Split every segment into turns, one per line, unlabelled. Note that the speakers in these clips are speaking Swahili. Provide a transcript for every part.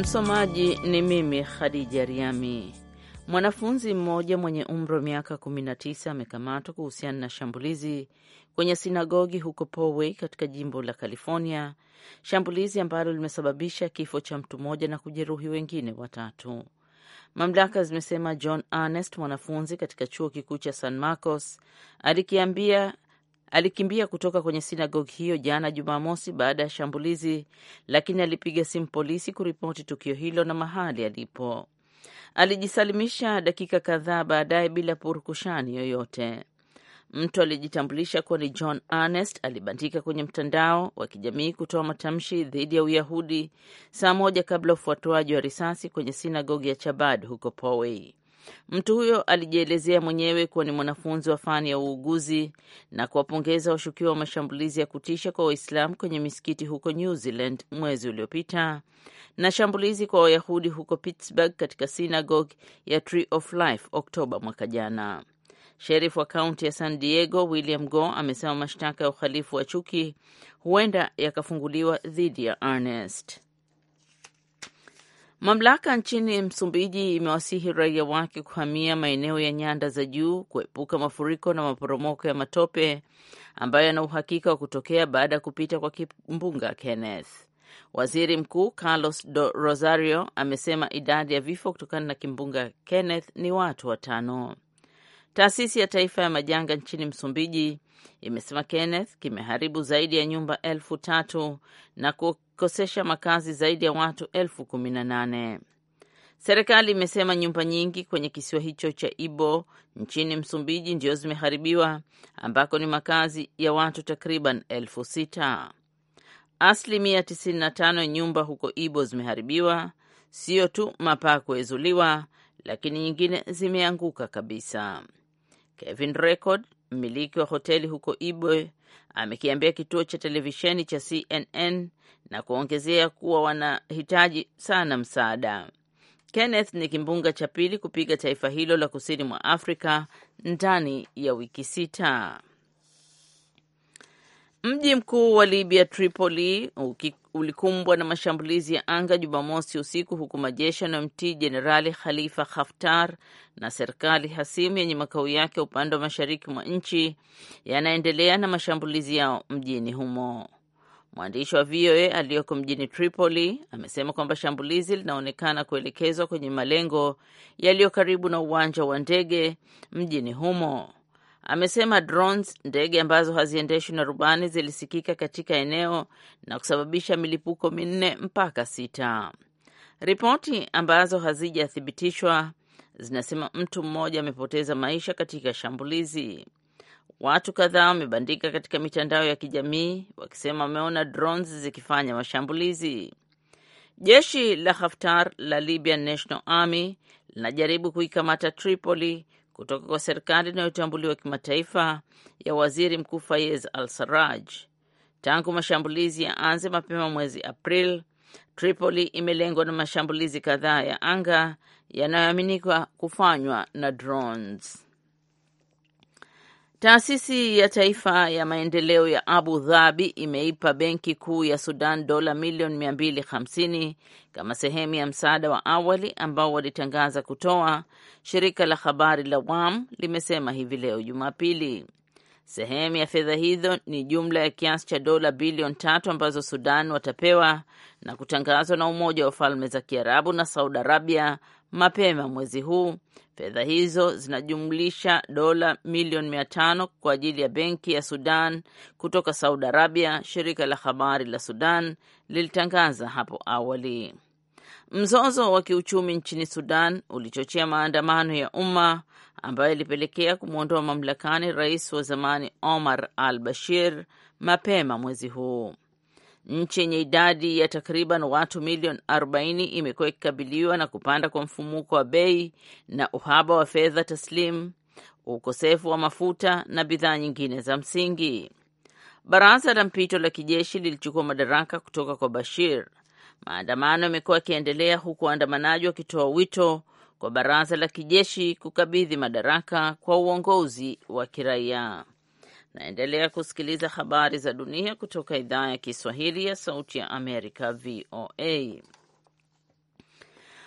Msomaji ni mimi Khadija Riami. Mwanafunzi mmoja mwenye umri wa miaka 19 amekamatwa kuhusiana na shambulizi kwenye sinagogi huko Poway katika jimbo la California, shambulizi ambalo limesababisha kifo cha mtu mmoja na kujeruhi wengine watatu. Mamlaka zimesema John Ernest, mwanafunzi katika chuo kikuu cha San Marcos, alikiambia alikimbia kutoka kwenye sinagogi hiyo jana Jumamosi baada ya shambulizi, lakini alipiga simu polisi kuripoti tukio hilo na mahali alipo. Alijisalimisha dakika kadhaa baadaye bila purukushani yoyote. Mtu aliyejitambulisha kuwa ni John Ernest alibandika kwenye mtandao wa kijamii kutoa matamshi dhidi ya Uyahudi saa moja kabla ufuatuaji wa risasi kwenye sinagogi ya Chabad huko Poway. Mtu huyo alijielezea mwenyewe kuwa ni mwanafunzi wa fani ya uuguzi na kuwapongeza washukiwa wa mashambulizi ya kutisha kwa Waislamu kwenye misikiti huko New Zealand mwezi uliopita na shambulizi kwa Wayahudi huko Pittsburgh katika sinagogue ya Tree of Life Oktoba mwaka jana. Sherifu wa kaunti ya San Diego William Go amesema mashtaka ya uhalifu wa chuki huenda yakafunguliwa dhidi ya arnest Mamlaka nchini Msumbiji imewasihi raia wake kuhamia maeneo ya nyanda za juu kuepuka mafuriko na maporomoko ya matope ambayo yana uhakika wa kutokea baada ya kupita kwa kimbunga Kenneth. Waziri Mkuu Carlos do Rosario amesema idadi ya vifo kutokana na kimbunga Kenneth ni watu watano. Taasisi ya Taifa ya Majanga nchini Msumbiji imesema Kenneth kimeharibu zaidi ya nyumba elfu tatu na ikikosesha makazi zaidi ya watu elfu kumi na nane. Serikali imesema nyumba nyingi kwenye kisiwa hicho cha Ibo nchini Msumbiji ndio zimeharibiwa ambako ni makazi ya watu takriban elfu sita. Asilimia 95 ya nyumba huko Ibo zimeharibiwa, sio tu mapaa kuezuliwa, lakini nyingine zimeanguka kabisa. Kevin Record, mmiliki wa hoteli huko Ibo, amekiambia kituo cha televisheni cha CNN na kuongezea kuwa wanahitaji sana msaada. Kenneth ni kimbunga cha pili kupiga taifa hilo la kusini mwa Afrika ndani ya wiki sita. Mji mkuu wa Libya Tripoli uki ulikumbwa na mashambulizi ya anga Jumamosi usiku huku majeshi yanayomtii Jenerali Khalifa Haftar na serikali hasimu yenye makao yake upande wa mashariki mwa nchi yanaendelea na mashambulizi yao mjini humo. Mwandishi wa VOA aliyoko mjini Tripoli amesema kwamba shambulizi linaonekana kuelekezwa kwenye malengo yaliyo karibu na uwanja wa ndege mjini humo. Amesema drones, ndege ambazo haziendeshwi na rubani, zilisikika katika eneo na kusababisha milipuko minne mpaka sita. Ripoti ambazo hazijathibitishwa zinasema mtu mmoja amepoteza maisha katika shambulizi. Watu kadhaa wamebandika katika mitandao ya kijamii wakisema wameona drones zikifanya mashambulizi. Jeshi la Haftar la Libyan National Army linajaribu kuikamata Tripoli kutoka kwa serikali inayotambuliwa kimataifa ya waziri mkuu Fayez Al Saraj. Tangu mashambulizi ya anze mapema mwezi april Tripoli imelengwa na mashambulizi kadhaa ya anga yanayoaminika kufanywa na drones. Taasisi ya Taifa ya Maendeleo ya Abu Dhabi imeipa Benki Kuu ya Sudan dola milioni 250 kama sehemu ya msaada wa awali ambao walitangaza kutoa, shirika la habari la WAM limesema hivi leo Jumapili. Sehemu ya fedha hizo ni jumla ya kiasi cha dola bilioni tatu ambazo Sudan watapewa na kutangazwa na Umoja wa Falme za Kiarabu na Saudi Arabia Mapema mwezi huu fedha hizo zinajumlisha dola milioni mia tano kwa ajili ya benki ya Sudan kutoka Saudi Arabia, shirika la habari la Sudan lilitangaza hapo awali. Mzozo wa kiuchumi nchini Sudan ulichochea maandamano ya umma ambayo ilipelekea kumwondoa mamlakani rais wa zamani Omar al Bashir mapema mwezi huu. Nchi yenye idadi ya takriban watu milioni 40 imekuwa ikikabiliwa na kupanda kwa mfumuko wa bei na uhaba wa fedha taslimu, ukosefu wa mafuta na bidhaa nyingine za msingi. Baraza la mpito la kijeshi lilichukua madaraka kutoka kwa Bashir. Maandamano yamekuwa yakiendelea huku waandamanaji wakitoa wito kwa baraza la kijeshi kukabidhi madaraka kwa uongozi wa kiraia. Naendelea kusikiliza habari za dunia kutoka idhaa ya Kiswahili ya Sauti ya Amerika, VOA.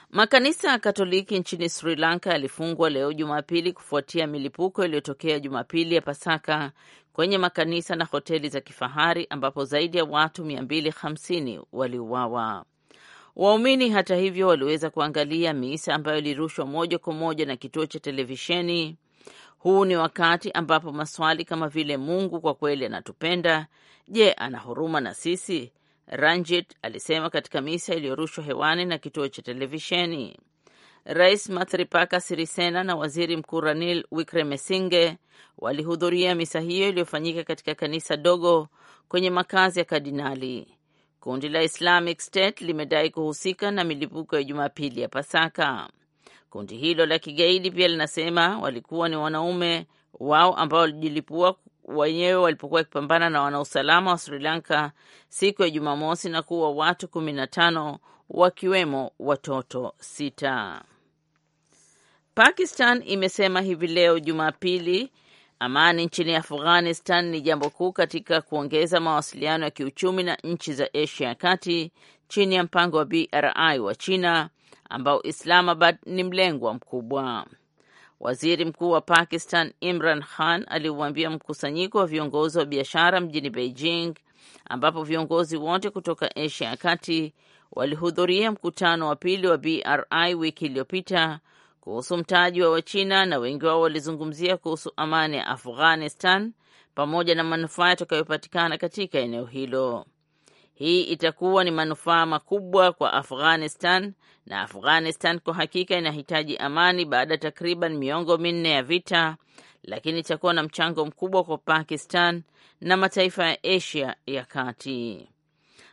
Makanisa ya Katoliki nchini Sri Lanka yalifungwa leo Jumapili kufuatia milipuko iliyotokea Jumapili ya Pasaka kwenye makanisa na hoteli za kifahari ambapo zaidi ya watu 250 waliuawa. Waumini hata hivyo, waliweza kuangalia misa ambayo ilirushwa moja kwa moja na kituo cha televisheni huu ni wakati ambapo maswali kama vile Mungu kwa kweli anatupenda? Je, ana huruma na sisi? Ranjit alisema katika misa iliyorushwa hewani na kituo cha televisheni. Rais matripaka Sirisena na Waziri Mkuu Ranil Wickremesinghe walihudhuria misa hiyo iliyofanyika katika kanisa dogo kwenye makazi ya kardinali. Kundi la Islamic State limedai kuhusika na milipuko ya Jumapili ya Pasaka. Kundi hilo la kigaidi pia linasema walikuwa ni wanaume wao ambao walijilipua wenyewe walipokuwa wakipambana na wanausalama wa Sri Lanka siku ya Jumamosi na kuua watu kumi na tano wakiwemo watoto sita. Pakistan imesema hivi leo Jumapili amani nchini Afghanistan ni jambo kuu katika kuongeza mawasiliano ya kiuchumi na nchi za Asia ya kati chini ya mpango wa BRI wa China ambao Islamabad ni mlengwa mkubwa. Waziri Mkuu wa Pakistan Imran Khan aliuambia mkusanyiko wa viongozi wa biashara mjini Beijing ambapo viongozi wote kutoka Asia ya Kati walihudhuria mkutano wa pili wa BRI wiki iliyopita kuhusu mtaji wa Wachina na wengi wao walizungumzia kuhusu amani ya Afghanistan pamoja na manufaa yatakayopatikana katika eneo hilo. Hii itakuwa ni manufaa makubwa kwa Afghanistan na Afghanistan kwa hakika inahitaji amani baada ya takriban miongo minne ya vita, lakini itakuwa na mchango mkubwa kwa Pakistan na mataifa ya Asia ya Kati.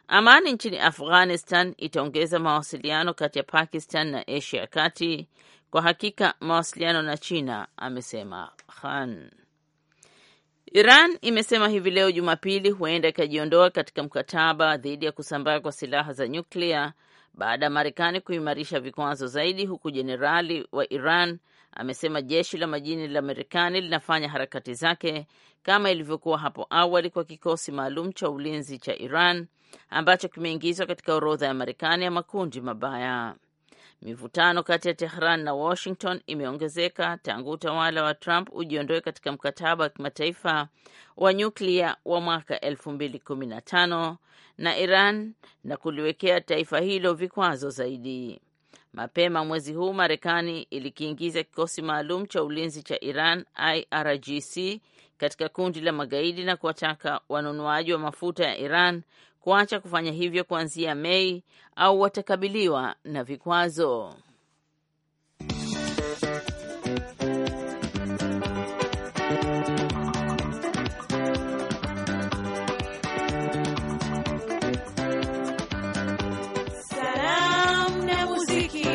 Amani nchini Afghanistan itaongeza mawasiliano kati ya Pakistan na Asia ya Kati, kwa hakika mawasiliano na China, amesema Khan. Iran imesema hivi leo Jumapili huenda ikajiondoa katika mkataba dhidi ya kusambaa kwa silaha za nyuklia baada ya Marekani kuimarisha vikwazo zaidi, huku jenerali wa Iran amesema jeshi la majini la Marekani linafanya harakati zake kama ilivyokuwa hapo awali kwa kikosi maalum cha ulinzi cha Iran ambacho kimeingizwa katika orodha ya Marekani ya makundi mabaya. Mivutano kati ya Tehran na Washington imeongezeka tangu utawala wa Trump ujiondoe katika mkataba wa kimataifa wa nyuklia wa mwaka 2015 na Iran na kuliwekea taifa hilo vikwazo zaidi. Mapema mwezi huu Marekani ilikiingiza kikosi maalum cha ulinzi cha Iran IRGC katika kundi la magaidi na kuwataka wanunuaji wa mafuta ya Iran kuacha kufanya hivyo kuanzia Mei au watakabiliwa na vikwazo.
Salam na muziki.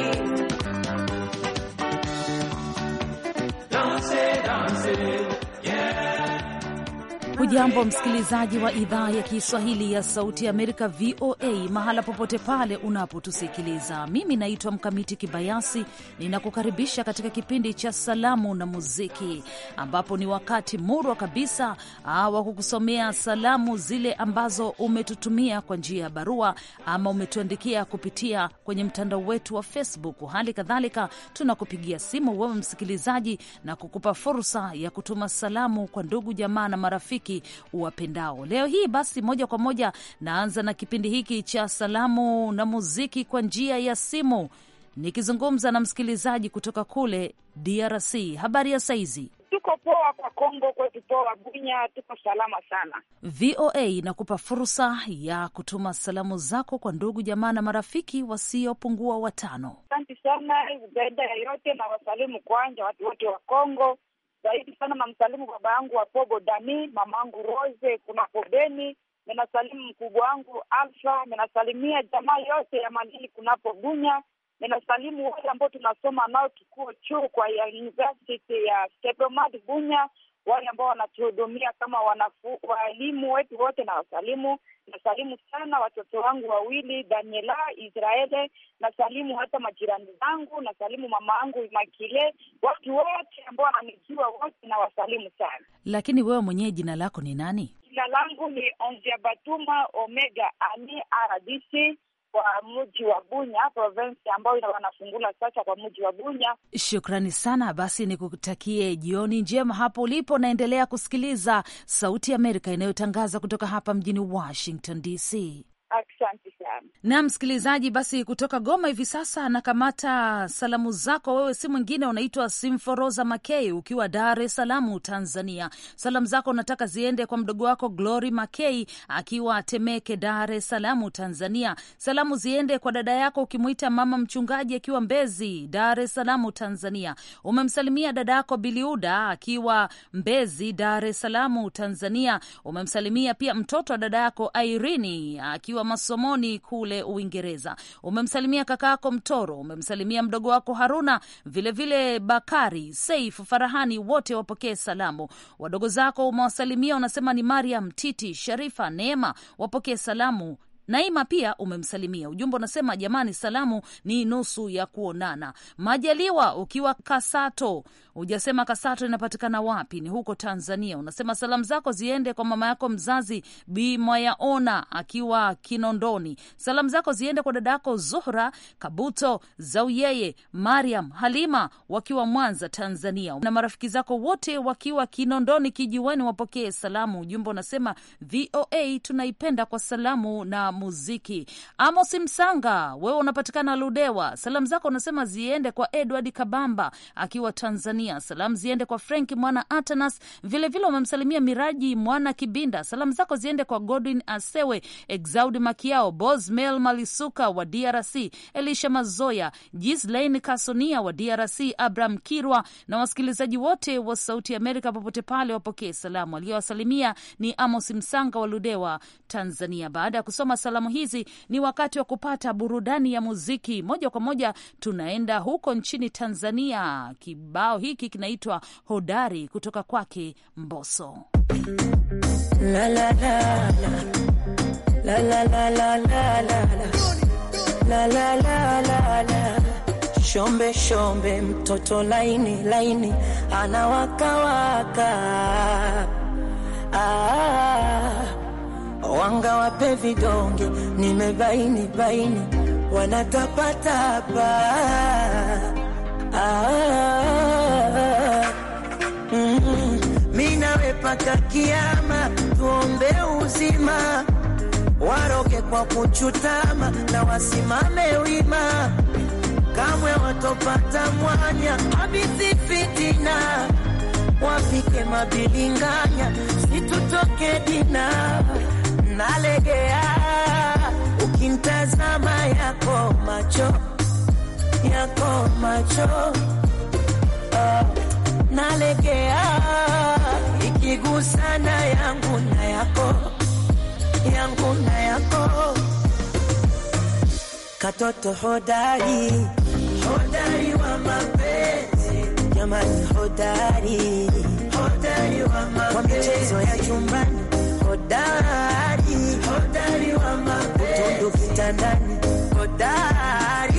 Hujambo msikilizaji wa idhaa ya Kiswahili ya Sauti ya Amerika, VOA, mahala popote pale unapotusikiliza. Mimi naitwa Mkamiti Kibayasi, ninakukaribisha katika kipindi cha Salamu na Muziki, ambapo ni wakati murwa kabisa ah, wa kukusomea salamu zile ambazo umetutumia kwa njia ya barua ama umetuandikia kupitia kwenye mtandao wetu wa Facebook. Hali kadhalika tunakupigia simu wewe msikilizaji na kukupa fursa ya kutuma salamu kwa ndugu, jamaa na marafiki muziki uwapendao. Leo hii basi, moja kwa moja naanza na kipindi hiki cha salamu na muziki kwa njia ya simu, nikizungumza na msikilizaji kutoka kule DRC. Habari ya saizi? Tuko poa
kwa Kongo kwetu, poa Bunya, tuko salama sana.
VOA inakupa fursa ya kutuma salamu zako kwa ndugu jamaa na marafiki wasiopungua watano.
Asante sana. Zaida ya yote na wasalimu kwanja watu wote wa Kongo zaidi sana namsalimu baba yangu wapogo dani mama yangu Rose kunako Beni, ninasalimu mkubwa wangu Alfa, ninasalimia jamaa yote ya madini kunapo Bunya, ninasalimu wale ambao tunasoma nao kikuo chuu kwa ya University ya Stepmad Bunya wale ambao wanatuhudumia kama wanafu, waalimu wetu wote na wasalimu nasalimu sana watoto wangu wawili Daniela Israele, nasalimu hata majirani zangu, nasalimu mama angu makile watu wote ambao wananijua wote na wasalimu sana.
Lakini wewe mwenyewe jina lako ni nani?
Jina langu ni Onzia Batuma Omega Ani RDC kwa mji wa Bunya provensi ambayo wanafungula sasa kwa mji
wa Bunya. Shukrani sana, basi nikutakie jioni njema hapo ulipo. Naendelea kusikiliza Sauti ya Amerika inayotangaza kutoka hapa mjini Washington DC. Asante sana na msikilizaji, basi kutoka Goma hivi sasa nakamata salamu zako. Wewe si mwingine, unaitwa Simforoza Makei ukiwa Dar es Salaam, Tanzania. Salamu zako nataka ziende kwa mdogo wako Glory Makei akiwa Temeke, Dar es Salaam, Tanzania. Salamu ziende kwa dada yako ukimwita mama mchungaji akiwa Mbezi, Dar es Salaam, Tanzania. Umemsalimia dada yako Biliuda akiwa Mbezi, Dar es Salaam, Tanzania. Umemsalimia pia mtoto wa dada yako Airini akiwa masomoni kule kule Uingereza. Umemsalimia kaka yako Mtoro, umemsalimia mdogo wako Haruna, vilevile vile Bakari, Saif, Farahani, wote wapokee salamu. Wadogo zako umewasalimia, unasema ni Mariam, Titi, Sharifa, Neema, wapokee salamu. Naima pia umemsalimia. Ujumbe unasema jamani, salamu ni nusu ya kuonana. Majaliwa ukiwa Kasato Hujasema Kasato inapatikana wapi, ni huko Tanzania. Unasema salamu zako ziende kwa mama yako mzazi Bi Mwayaona akiwa Kinondoni. Salamu zako ziende kwa yako Zuhra Kabuto Zauyeye, Mariam Halima wakiwa Mwanza, Tanzania, na marafiki zako wote wakiwa Kinondoni kijiweni, wapokee salamu. Ujumbe unasema VOA tunaipenda kwa salamu na muziki. Amos Msanga, wewe unapatikana Ludewa. Salamu zako unasema ziende kwa Edward Kabamba akiwa Tanzania. Tanzania. Salamu ziende kwa Frank Mwana Atanas, vilevile wamemsalimia Miraji Mwana Kibinda. Salamu zako ziende kwa Godwin Asewe, Exaudi Makiao, Bosmel Malisuka wa DRC, Elisha Mazoya, Gislain Kasonia wa DRC, Abraham Kirwa na wasikilizaji wote wa Sauti Amerika popote pale wapokee salamu. Aliyowasalimia ni Amos Msanga wa Ludewa, Tanzania. Baada ya kusoma salamu hizi, ni wakati wa kupata burudani ya muziki. Moja kwa moja tunaenda huko nchini Tanzania. Kibao hiki hiki kinaitwa Hodari kutoka kwake mboso
la, la, la, la, Shombe shombe mtoto laini laini anawakawaka ah, ah, ah. Wanga wape vidonge, nimebaini baini, wanatapatapa Mm-hmm. mi kiama, tuombe uzima, waroke kwa kuchutama na wasimame wima, kamwe watopata mwanya abisi fitina, wafike mabilinganya, situtoke dina nalegea, ukintazama yako macho macho uh, eh, nalekea ikigusana yangu na yako yangu na yako katoto hodari hodari wa mapenzi jamani hodari hodari wa mapenzi kwa michezo ya chumbani hodari hodari wa mapenzi utundu kitandani hodari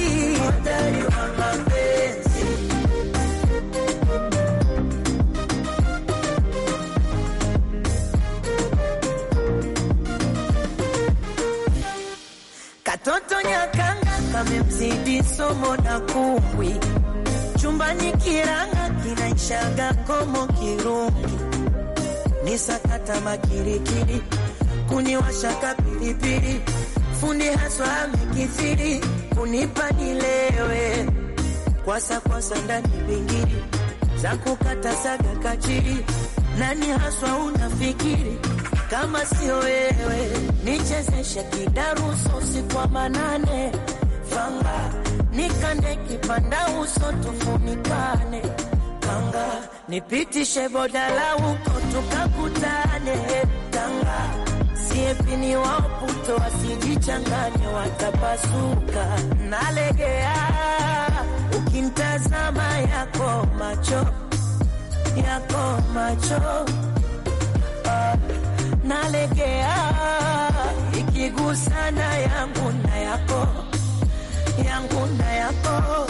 na kanga kamemzidi somo na kumbwi chumbani kiranga kinaishaga komo kirungi ni sakata makirikiri kuniwashaka pilipili fundi haswa amekithiri kunipa nilewe kwasa kwasa ndani vingiri za kukata saga kachiri nani haswa unafikiri kama sio wewe nichezeshe kidaruso usiku manane, fanga nikande kipanda uso tufunikane, kanga nipitishe la uko tukakutane, tanga siepini waputo wasijichanganye watapasuka, nalegea ukimtazama yako macho yako macho nalegea ikigusana yangu na yako, yangu na yako,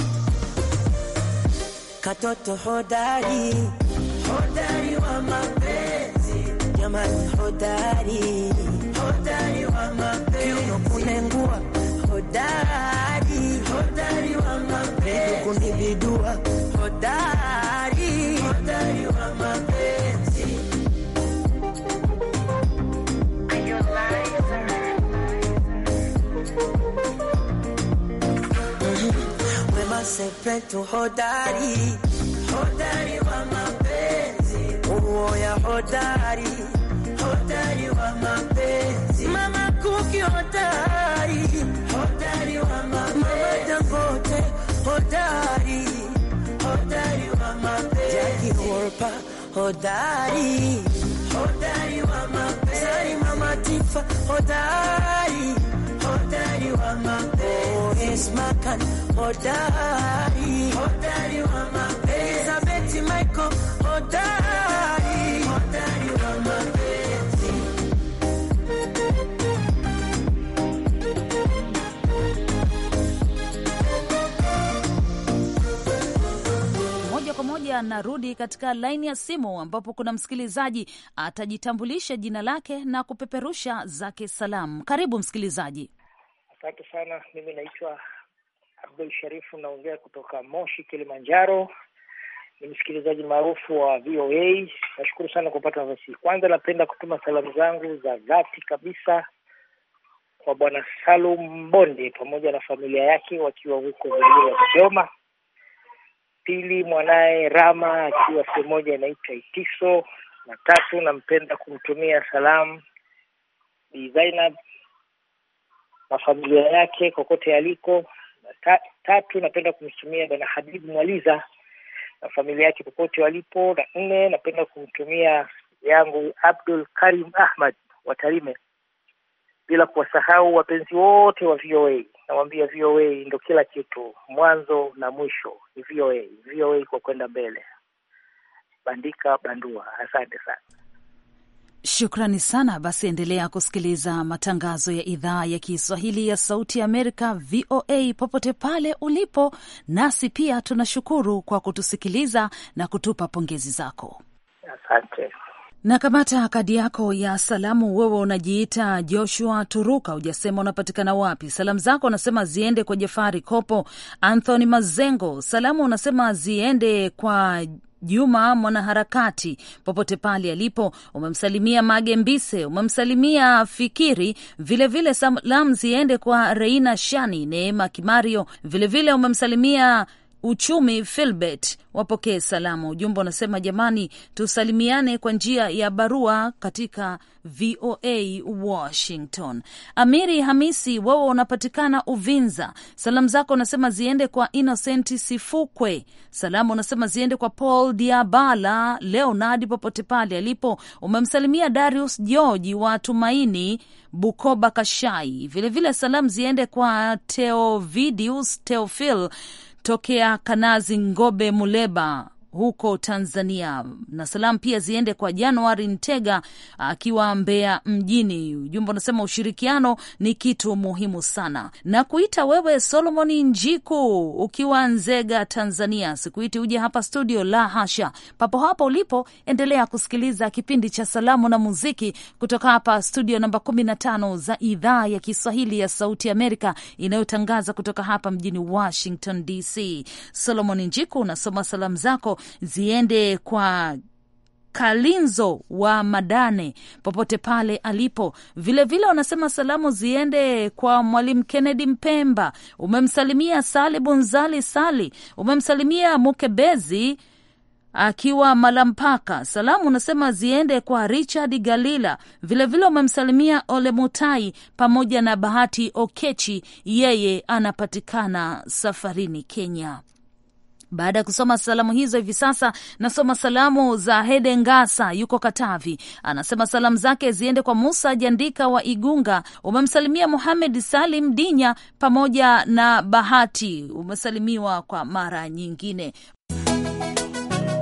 katoto hodari, hodari wa mapenzi jamani, hodari, hodari wa mapenzi kiuno kunengua, hodari, hodari wa mapenzi kunibidua, hodari, hodari wa mapenzi Sepetu hodari, hodari wa mapenzi, uoya hodari, hodari wa mapenzi, mama Kuki hodari, hodari wa mapenzi, mama Dangote hodari, hodari wa mapenzi, Jackie Wolper hodari, hodari wa mapenzi, mama Tifa hodari
moja kwa moja. Narudi katika laini ya simu ambapo kuna msikilizaji atajitambulisha jina lake na kupeperusha zake salamu. Karibu msikilizaji.
Asante sana. Mimi naitwa Abdul Sharifu, naongea kutoka Moshi, Kilimanjaro. Ni msikilizaji maarufu wa VOA. Nashukuru sana kupata nafasi. Kwanza napenda kutuma salamu zangu za dhati kabisa kwa Bwana Salum mbonde pamoja na familia yake wakiwa huko Vingila ya Dodoma. Pili, mwanaye Rama akiwa sehemu moja inaitwa Itiso, na tatu, nampenda kumtumia salamu Bi Zainab na familia yake kokote aliko. Ta, tatu, napenda kumtumia Bwana Habibu Mwaliza na familia yake popote walipo. Na nne, napenda kumtumia yangu Abdul Karim Ahmad wa Tarime, bila kuwasahau wapenzi wote wa VOA. Nawaambia VOA ndo kila kitu, mwanzo na mwisho ni VOA. VOA kwa kwenda mbele, bandika bandua. Asante sana.
Shukrani sana. Basi endelea kusikiliza matangazo ya idhaa ya Kiswahili ya Sauti ya Amerika, VOA, popote pale ulipo. Nasi pia tunashukuru kwa kutusikiliza na kutupa pongezi zako,
asante.
Na kamata kadi yako ya salamu. Wewe unajiita Joshua Turuka, ujasema unapatikana wapi. Salamu zako unasema ziende kwa Jafari Kopo, Anthony Mazengo. Salamu unasema ziende kwa Juma mwanaharakati, popote pale alipo, umemsalimia Mage Mbise, umemsalimia Fikiri, vilevile salamu ziende kwa Reina Shani, Neema Kimario, vilevile umemsalimia uchumi Filbert wapokee salamu. Ujumbe unasema jamani, tusalimiane kwa njia ya barua katika VOA Washington. Amiri Hamisi, wewe unapatikana Uvinza. Salamu zako unasema ziende kwa Innocent Sifukwe. Salamu unasema ziende kwa Paul Diabala, Leonard popote pale alipo. Umemsalimia Darius George wa Tumaini Bukoba Kashai. Vilevile salamu ziende kwa Teovidius Teofil tokea Kanazi Ngobe Muleba huko Tanzania na salamu pia ziende kwa Januari Ntega akiwa Mbeya mjini. Ujumbe unasema ushirikiano ni kitu muhimu sana, na kuita wewe Solomoni Njiku ukiwa Nzega, Tanzania. Sikuiti uje hapa studio, la hasha. Papo hapo ulipo, endelea kusikiliza kipindi cha salamu na muziki kutoka hapa studio namba 15 za idhaa ya Kiswahili ya Sauti Amerika inayotangaza kutoka hapa mjini Washington DC. Solomoni Njiku, unasoma salamu zako ziende kwa Kalinzo wa Madane popote pale alipo. Vilevile vile wanasema salamu ziende kwa Mwalimu Kennedy Mpemba, umemsalimia Sali Bunzali Sali, umemsalimia Mukebezi akiwa Malampaka. Salamu unasema ziende kwa Richard Galila, vilevile umemsalimia Ole Mutai pamoja na Bahati Okechi, yeye anapatikana safarini Kenya. Baada ya kusoma salamu hizo, hivi sasa nasoma salamu za Hede Ngasa, yuko Katavi. Anasema salamu zake ziende kwa Musa Jandika wa Igunga, umemsalimia Muhamed Salim Dinya pamoja na Bahati, umesalimiwa kwa mara nyingine.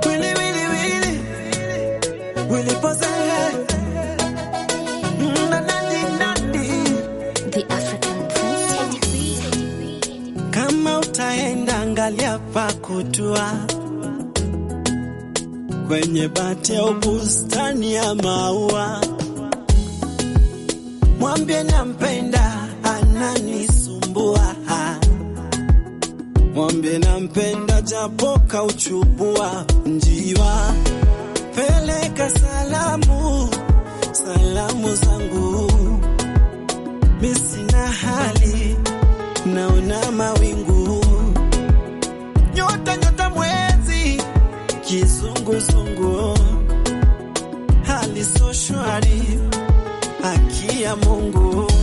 wili, wili,
wili. Wili,
Angalia pa kutua kwenye bati au bustani ya maua, mwambie nampenda, ananisumbua. Mwambie nampenda, japo kauchubua njiwa. Peleka salamu, salamu zangu, misina sina hali, naona mawi kizunguzungu, hali so shwari, haki ya Mungu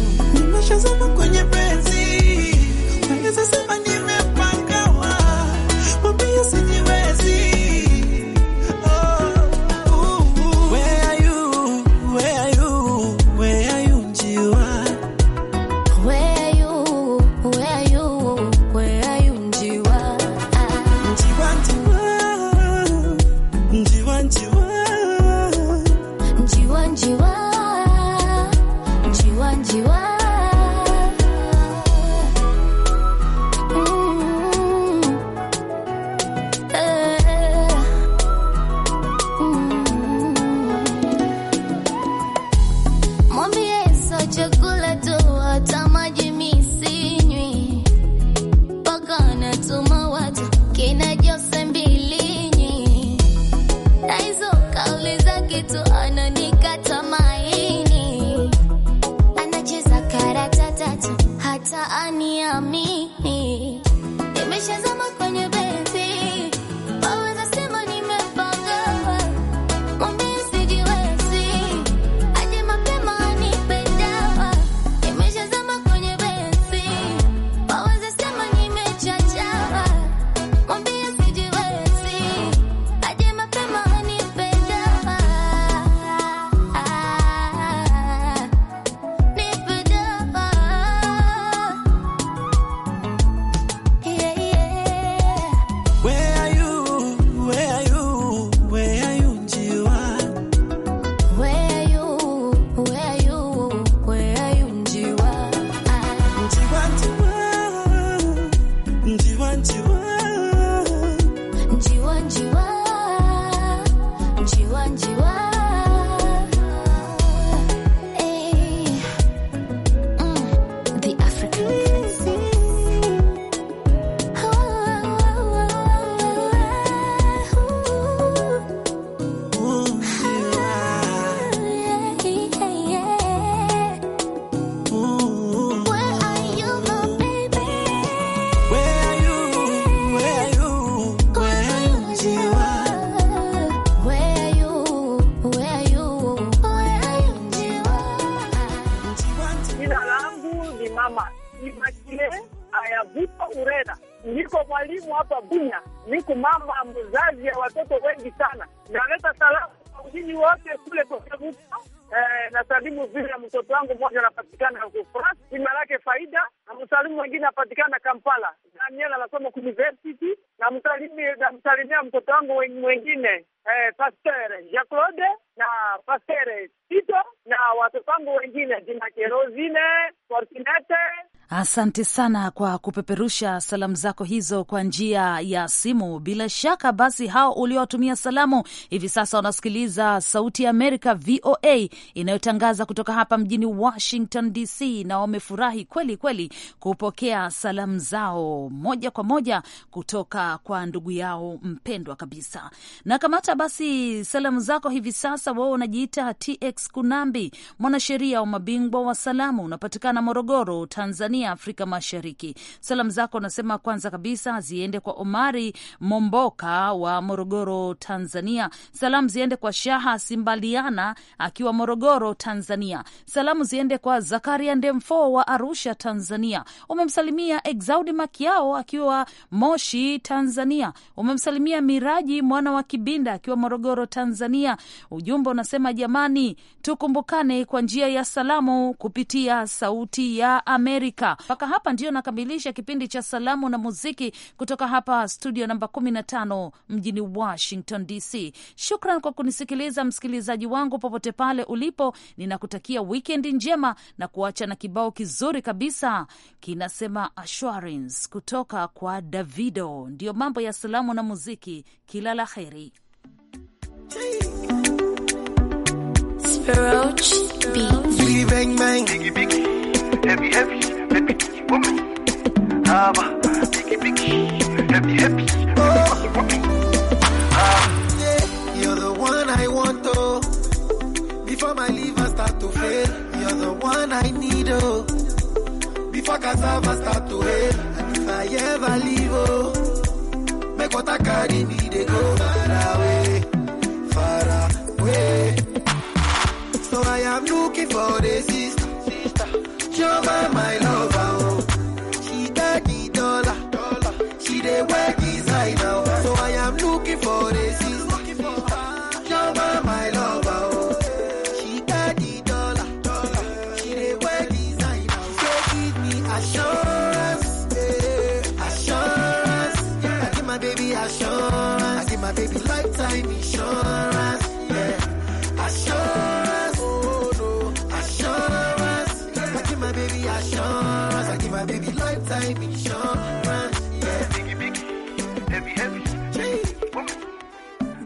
got to my
wote kule Kosegupa. Eh, na salimu vile mtoto wangu mmoja anapatikana France, jina lake Faida, na msalimu mwingine anapatikana Kampala, Daniel anasoma university, na msalimia mtoto wangu mwingine eh, Pasteur Jean Claude na Pasteur Tito na watoto wangu wengine jina Kerosine Fortunate
Asante sana kwa kupeperusha salamu zako hizo kwa njia ya simu. Bila shaka basi, hao uliowatumia salamu hivi sasa wanasikiliza Sauti ya Amerika VOA inayotangaza kutoka hapa mjini Washington DC, na wamefurahi kweli kweli kupokea salamu zao moja kwa moja kutoka kwa ndugu yao mpendwa kabisa. Na kamata basi salamu zako hivi sasa, wao unajiita TX Kunambi, mwanasheria wa mabingwa wa salamu, unapatikana Morogoro, Tanzania ya Afrika Mashariki. Salamu zako unasema kwanza kabisa ziende kwa Omari Momboka wa Morogoro, Tanzania. Salamu ziende kwa Shaha Simbaliana akiwa Morogoro, Tanzania. Salamu ziende kwa Zakaria Ndemfo wa Arusha, Tanzania. Umemsalimia Exaudi Makiao akiwa Moshi, Tanzania. Umemsalimia Miraji mwana wa Kibinda akiwa Morogoro, Tanzania. Ujumbe unasema jamani, tukumbukane kwa njia ya salamu kupitia Sauti ya Amerika. Mpaka hapa ndio nakamilisha kipindi cha salamu na muziki kutoka hapa studio namba 15 mjini Washington DC. Shukran kwa kunisikiliza msikilizaji wangu, popote pale ulipo, ninakutakia wikendi njema na kuacha na kibao kizuri kabisa kinasema Assurance kutoka kwa Davido. Ndiyo mambo ya salamu na muziki, kila la heri.
happy, woman. Um, biggie, biggie, happy, happy, woman. Um, you're the one I want, oh. Before my liver start to fail, you're the one I need, oh. Before cassava start to fail, and if I ever leave, oh, make what I carry me, go far away, far away. So I am looking for the sister show by my lover. Oh. She daddy dollar. She they work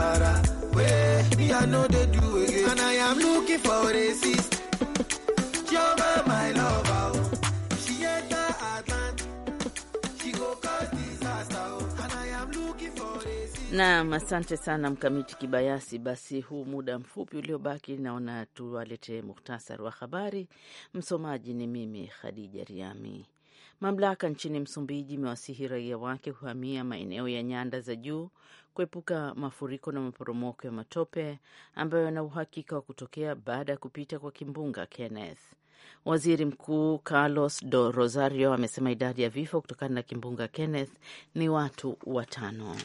Sahara Where me I know they do again, and I am looking for a sister. Jehovah, my lover. She
asante sana Mkamiti Kibayasi. Basi huu muda mfupi uliobaki, naona tuwaletee muhtasari wa habari. Msomaji ni mimi Khadija Riami. Mamlaka nchini Msumbiji imewasihi raia wake kuhamia maeneo ya nyanda za juu kuepuka mafuriko na maporomoko ya matope ambayo yana uhakika wa kutokea baada ya kupita kwa kimbunga Kenneth. Waziri Mkuu Carlos do Rosario amesema idadi ya vifo kutokana na kimbunga Kenneth ni watu watano.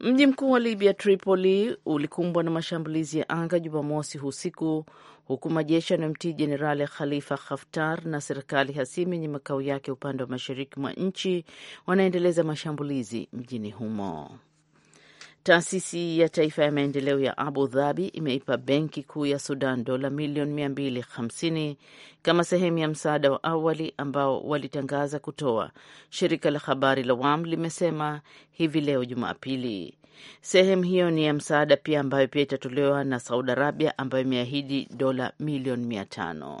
Mji mkuu wa Libya, Tripoli, ulikumbwa na mashambulizi ya anga Jumamosi usiku huku majeshi yanayomtii Jenerali Khalifa Haftar na serikali hasimu yenye makao yake upande wa mashariki mwa nchi wanaendeleza mashambulizi mjini humo. Taasisi ya Taifa ya Maendeleo ya Abu Dhabi imeipa Benki Kuu ya Sudan dola milioni 250 kama sehemu ya msaada wa awali ambao walitangaza kutoa, shirika la habari la WAM limesema hivi leo Jumapili. Sehemu hiyo ni ya msaada pia ambayo pia itatolewa na Saudi Arabia ambayo imeahidi dola milioni tano